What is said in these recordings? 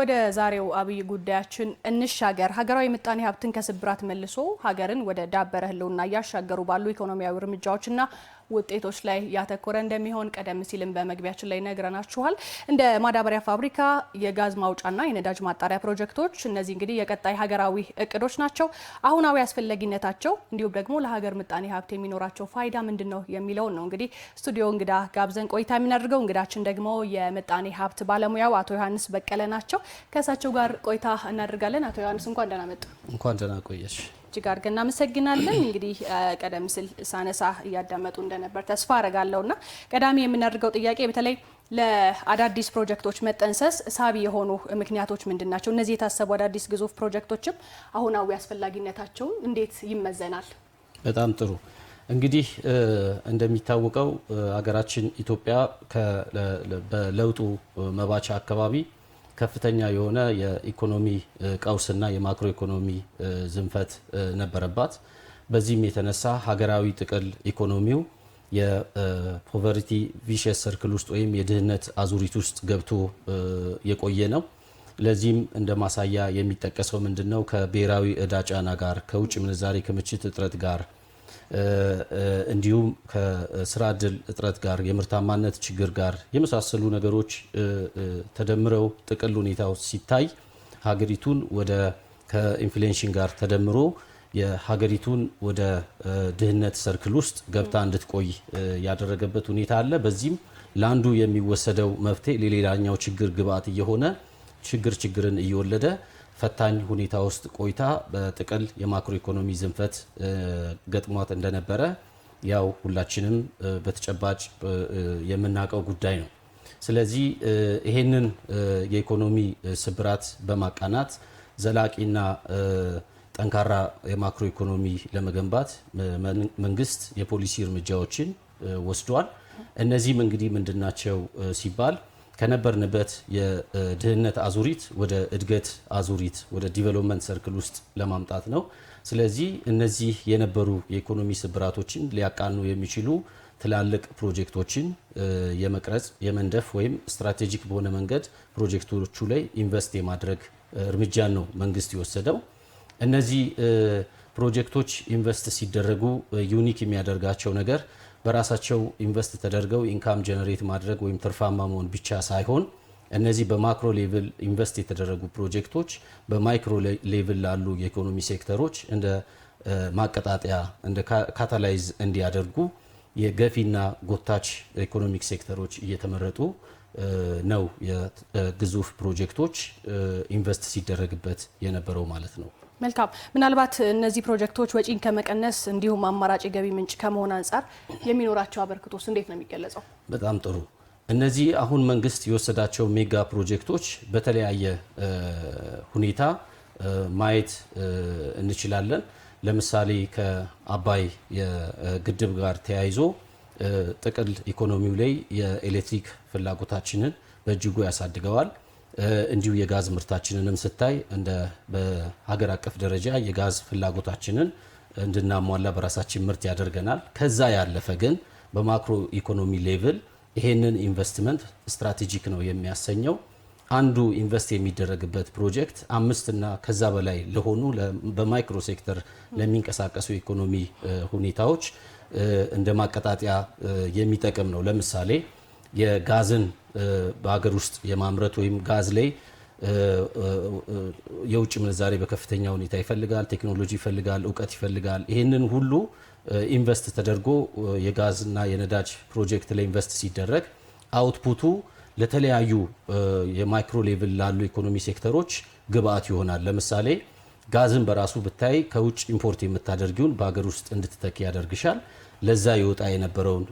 ወደ ዛሬው አብይ ጉዳያችን እንሻገር። ሀገራዊ ምጣኔ ሀብትን ከስብራት መልሶ ሀገርን ወደ ዳበረ ህልውና እያሻገሩ ባሉ ኢኮኖሚያዊ እርምጃዎችና ውጤቶች ላይ ያተኮረ እንደሚሆን ቀደም ሲልም በመግቢያችን ላይ ነግረናችኋል። እንደ ማዳበሪያ ፋብሪካ፣ የጋዝ ማውጫና የነዳጅ ማጣሪያ ፕሮጀክቶች እነዚህ እንግዲህ የቀጣይ ሀገራዊ እቅዶች ናቸው። አሁናዊ አስፈላጊነታቸው እንዲሁም ደግሞ ለሀገር ምጣኔ ሀብት የሚኖራቸው ፋይዳ ምንድን ነው የሚለውን ነው እንግዲህ ስቱዲዮ እንግዳ ጋብዘን ቆይታ የምናደርገው እንግዳችን ደግሞ የምጣኔ ሀብት ባለሙያው አቶ ዮሐንስ በቀለ ናቸው። ከእሳቸው ጋር ቆይታ እናደርጋለን። አቶ ዮሐንስ እንኳን ደህና መጡ። እንኳን ደህና ቆየሽ። እጅግ አድርገን እናመሰግናለን። እንግዲህ ቀደም ሲል ሳነሳ እያዳመጡ እንደነበር ተስፋ አረጋለሁ እና ቀዳሚ የምናደርገው ጥያቄ በተለይ ለአዳዲስ ፕሮጀክቶች መጠንሰስ ሳቢ የሆኑ ምክንያቶች ምንድን ናቸው? እነዚህ የታሰቡ አዳዲስ ግዙፍ ፕሮጀክቶችም አሁናዊ አስፈላጊነታቸውን እንዴት ይመዘናል? በጣም ጥሩ እንግዲህ እንደሚታወቀው ሀገራችን ኢትዮጵያ በለውጡ መባቻ አካባቢ ከፍተኛ የሆነ የኢኮኖሚ ቀውስና የማክሮ ኢኮኖሚ ዝንፈት ነበረባት። በዚህም የተነሳ ሀገራዊ ጥቅል ኢኮኖሚው የፖቨርቲ ቪሸስ ሰርክል ውስጥ ወይም የድህነት አዙሪት ውስጥ ገብቶ የቆየ ነው። ለዚህም እንደ ማሳያ የሚጠቀሰው ምንድን ነው? ከብሔራዊ እዳ ጫና ጋር ከውጭ ምንዛሬ ክምችት እጥረት ጋር እንዲሁም ከስራ እድል እጥረት ጋር የምርታማነት ችግር ጋር የመሳሰሉ ነገሮች ተደምረው ጥቅል ሁኔታው ሲታይ ሀገሪቱን ወደ ከኢንፍሌሽን ጋር ተደምሮ የሀገሪቱን ወደ ድህነት ሰርክል ውስጥ ገብታ እንድትቆይ ያደረገበት ሁኔታ አለ። በዚህም ለአንዱ የሚወሰደው መፍትሄ ለሌላኛው ችግር ግብዓት እየሆነ ችግር ችግርን እየወለደ ፈታኝ ሁኔታ ውስጥ ቆይታ በጥቅል የማክሮ ኢኮኖሚ ዝንፈት ገጥሟት እንደነበረ ያው ሁላችንም በተጨባጭ የምናውቀው ጉዳይ ነው። ስለዚህ ይሄንን የኢኮኖሚ ስብራት በማቃናት ዘላቂና ጠንካራ የማክሮ ኢኮኖሚ ለመገንባት መንግስት የፖሊሲ እርምጃዎችን ወስዷል። እነዚህም እንግዲህ ምንድናቸው ሲባል ከነበርንበት የድህነት አዙሪት ወደ እድገት አዙሪት ወደ ዲቨሎፕመንት ሰርክል ውስጥ ለማምጣት ነው። ስለዚህ እነዚህ የነበሩ የኢኮኖሚ ስብራቶችን ሊያቃኑ የሚችሉ ትላልቅ ፕሮጀክቶችን የመቅረጽ የመንደፍ ወይም ስትራቴጂክ በሆነ መንገድ ፕሮጀክቶቹ ላይ ኢንቨስት የማድረግ እርምጃን ነው መንግስት የወሰደው። እነዚህ ፕሮጀክቶች ኢንቨስት ሲደረጉ ዩኒክ የሚያደርጋቸው ነገር በራሳቸው ኢንቨስት ተደርገው ኢንካም ጀነሬት ማድረግ ወይም ትርፋማ መሆን ብቻ ሳይሆን እነዚህ በማክሮ ሌቭል ኢንቨስት የተደረጉ ፕሮጀክቶች በማይክሮ ሌቭል ላሉ የኢኮኖሚ ሴክተሮች እንደ ማቀጣጠያ እንደ ካታላይዝ እንዲያደርጉ የገፊና ጎታች ኢኮኖሚክ ሴክተሮች እየተመረጡ ነው የግዙፍ ፕሮጀክቶች ኢንቨስት ሲደረግበት የነበረው ማለት ነው። መልካም። ምናልባት እነዚህ ፕሮጀክቶች ወጪን ከመቀነስ እንዲሁም አማራጭ የገቢ ምንጭ ከመሆን አንጻር የሚኖራቸው አበርክቶስ እንዴት ነው የሚገለጸው? በጣም ጥሩ። እነዚህ አሁን መንግስት የወሰዳቸው ሜጋ ፕሮጀክቶች በተለያየ ሁኔታ ማየት እንችላለን። ለምሳሌ ከአባይ ግድብ ጋር ተያይዞ ጥቅል ኢኮኖሚው ላይ የኤሌክትሪክ ፍላጎታችንን በእጅጉ ያሳድገዋል። እንዲሁ የጋዝ ምርታችንንም ስታይ እንደ በሀገር አቀፍ ደረጃ የጋዝ ፍላጎታችንን እንድናሟላ በራሳችን ምርት ያደርገናል። ከዛ ያለፈ ግን በማክሮ ኢኮኖሚ ሌቭል ይሄንን ኢንቨስትመንት ስትራቴጂክ ነው የሚያሰኘው። አንዱ ኢንቨስት የሚደረግበት ፕሮጀክት አምስትና ከዛ በላይ ለሆኑ በማይክሮ ሴክተር ለሚንቀሳቀሱ ኢኮኖሚ ሁኔታዎች እንደ ማቀጣጠያ የሚጠቅም ነው። ለምሳሌ የጋዝን በሀገር ውስጥ የማምረት ወይም ጋዝ ላይ የውጭ ምንዛሬ በከፍተኛ ሁኔታ ይፈልጋል። ቴክኖሎጂ ይፈልጋል፣ እውቀት ይፈልጋል። ይህንን ሁሉ ኢንቨስት ተደርጎ የጋዝና የነዳጅ ፕሮጀክት ላይ ኢንቨስት ሲደረግ አውትፑቱ ለተለያዩ የማይክሮ ሌቭል ላሉ ኢኮኖሚ ሴክተሮች ግብአት ይሆናል። ለምሳሌ ጋዝን በራሱ ብታይ ከውጭ ኢምፖርት የምታደርጊውን በሀገር ውስጥ እንድትተኪ ያደርግሻል። ለዛ ይወጣ የነበረውን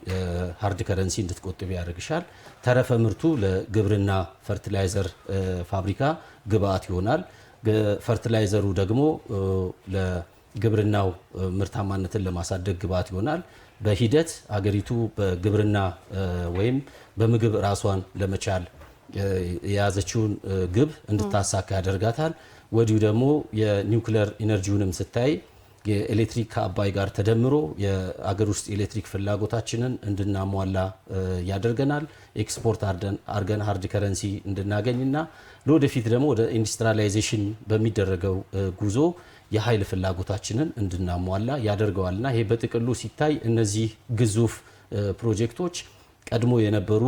ሃርድ ከረንሲ እንድትቆጥብ ያደርግሻል። ተረፈ ምርቱ ለግብርና ፈርቲላይዘር ፋብሪካ ግብአት ይሆናል። ፈርቲላይዘሩ ደግሞ ለግብርናው ምርታማነትን ለማሳደግ ግብአት ይሆናል። በሂደት አገሪቱ በግብርና ወይም በምግብ ራሷን ለመቻል የያዘችውን ግብ እንድታሳካ ያደርጋታል። ወዲሁ ደግሞ የኒውክለር ኢነርጂውንም ስታይ የኤሌክትሪክ ከአባይ ጋር ተደምሮ የአገር ውስጥ ኤሌክትሪክ ፍላጎታችንን እንድናሟላ ያደርገናል። ኤክስፖርት አርገን ሀርድ ከረንሲ እንድናገኝና ለወደፊት ደግሞ ወደ ኢንዱስትሪላይዜሽን በሚደረገው ጉዞ የኃይል ፍላጎታችንን እንድናሟላ ያደርገዋልና ይሄ በጥቅሉ ሲታይ እነዚህ ግዙፍ ፕሮጀክቶች ቀድሞ የነበሩ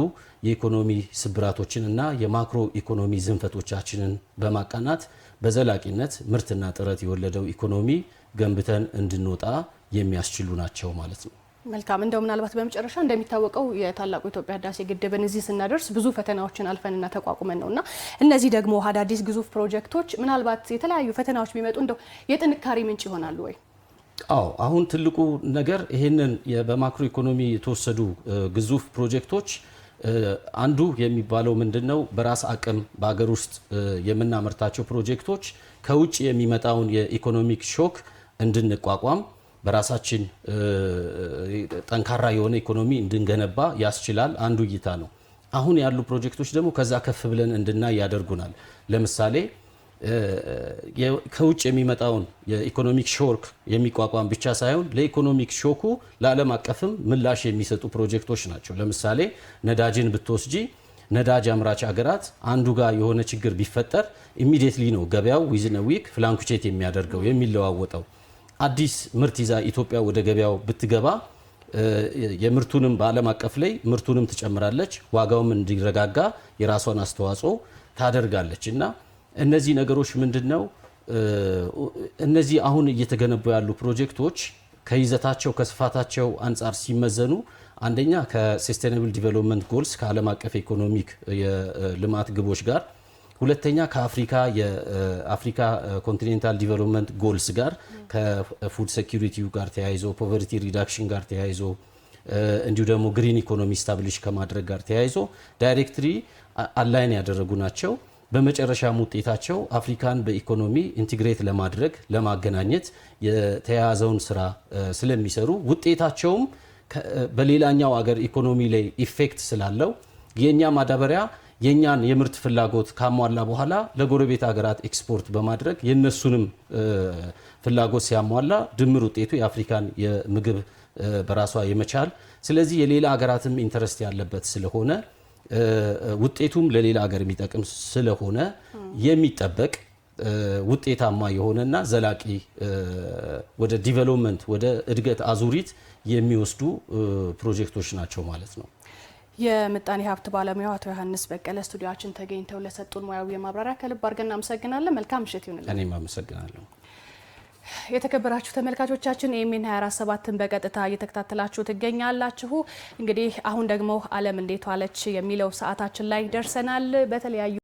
የኢኮኖሚ ስብራቶችን እና የማክሮ ኢኮኖሚ ዝንፈቶቻችንን በማቃናት በዘላቂነት ምርትና ጥረት የወለደው ኢኮኖሚ ገንብተን እንድንወጣ የሚያስችሉ ናቸው ማለት ነው። መልካም እንደው ምናልባት በመጨረሻ እንደሚታወቀው የታላቁ ኢትዮጵያ ህዳሴ ግድብን እዚህ ስናደርስ ብዙ ፈተናዎችን አልፈንና ተቋቁመን ነውና እነዚህ ደግሞ አዳዲስ ግዙፍ ፕሮጀክቶች ምናልባት የተለያዩ ፈተናዎች ቢመጡ እንደው የጥንካሬ ምንጭ ይሆናሉ ወይ? አዎ አሁን ትልቁ ነገር ይህንን በማክሮ ኢኮኖሚ የተወሰዱ ግዙፍ ፕሮጀክቶች አንዱ የሚባለው ምንድን ነው? በራስ አቅም በሀገር ውስጥ የምናመርታቸው ፕሮጀክቶች ከውጭ የሚመጣውን የኢኮኖሚክ ሾክ እንድንቋቋም በራሳችን ጠንካራ የሆነ ኢኮኖሚ እንድንገነባ ያስችላል። አንዱ እይታ ነው። አሁን ያሉ ፕሮጀክቶች ደግሞ ከዛ ከፍ ብለን እንድናይ ያደርጉናል። ለምሳሌ ከውጭ የሚመጣውን የኢኮኖሚክ ሾክ የሚቋቋም ብቻ ሳይሆን ለኢኮኖሚክ ሾኩ ለዓለም አቀፍም ምላሽ የሚሰጡ ፕሮጀክቶች ናቸው። ለምሳሌ ነዳጅን ብትወስጂ ነዳጅ አምራች ሀገራት አንዱ ጋር የሆነ ችግር ቢፈጠር ኢሚዲየትሊ ነው ገበያው ዊዝን ዊክ ፍላንኩቼት የሚያደርገው የሚለዋወጠው። አዲስ ምርት ይዛ ኢትዮጵያ ወደ ገበያው ብትገባ የምርቱንም በዓለም አቀፍ ላይ ምርቱንም ትጨምራለች፣ ዋጋውም እንዲረጋጋ የራሷን አስተዋጽኦ ታደርጋለች እና እነዚህ ነገሮች ምንድን ነው? እነዚህ አሁን እየተገነቡ ያሉ ፕሮጀክቶች ከይዘታቸው ከስፋታቸው አንጻር ሲመዘኑ አንደኛ ከሰስቴናብል ዲቨሎፕመንት ጎልስ ከዓለም አቀፍ ኢኮኖሚክ የልማት ግቦች ጋር ሁለተኛ ከአፍሪካ የአፍሪካ ኮንቲኔንታል ዲቨሎፕመንት ጎልስ ጋር ከፉድ ሴኪሪቲው ጋር ተያይዞ ፖቨርቲ ሪዳክሽን ጋር ተያይዞ እንዲሁ ደግሞ ግሪን ኢኮኖሚ ስታብሊሽ ከማድረግ ጋር ተያይዞ ዳይሬክትሪ አላይን ያደረጉ ናቸው። በመጨረሻም ውጤታቸው አፍሪካን በኢኮኖሚ ኢንቲግሬት ለማድረግ ለማገናኘት የተያያዘውን ስራ ስለሚሰሩ ውጤታቸውም በሌላኛው አገር ኢኮኖሚ ላይ ኢፌክት ስላለው የእኛ ማዳበሪያ የእኛን የምርት ፍላጎት ካሟላ በኋላ ለጎረቤት ሀገራት ኤክስፖርት በማድረግ የእነሱንም ፍላጎት ሲያሟላ ድምር ውጤቱ የአፍሪካን የምግብ በራሷ የመቻል ስለዚህ የሌላ ሀገራትም ኢንተረስት ያለበት ስለሆነ ውጤቱም ለሌላ ሀገር የሚጠቅም ስለሆነ የሚጠበቅ ውጤታማ የሆነና ዘላቂ ወደ ዲቨሎፕመንት ወደ እድገት አዙሪት የሚወስዱ ፕሮጀክቶች ናቸው ማለት ነው። የምጣኔ ሀብት ባለሙያው አቶ ዮሐንስ በቀለ ስቱዲዮችን ተገኝተው ለሰጡን ሙያዊ የማብራሪያ ከልብ አድርገን እናመሰግናለን። መልካም ምሽት ይሁንልን። እኔም አመሰግናለሁ። የተከበራችሁ ተመልካቾቻችን ኤኤምኤን 24 ን በቀጥታ እየተከታተላችሁ ትገኛላችሁ። እንግዲህ አሁን ደግሞ ዓለም እንዴት ዋለች የሚለው ሰዓታችን ላይ ደርሰናል። በተለያዩ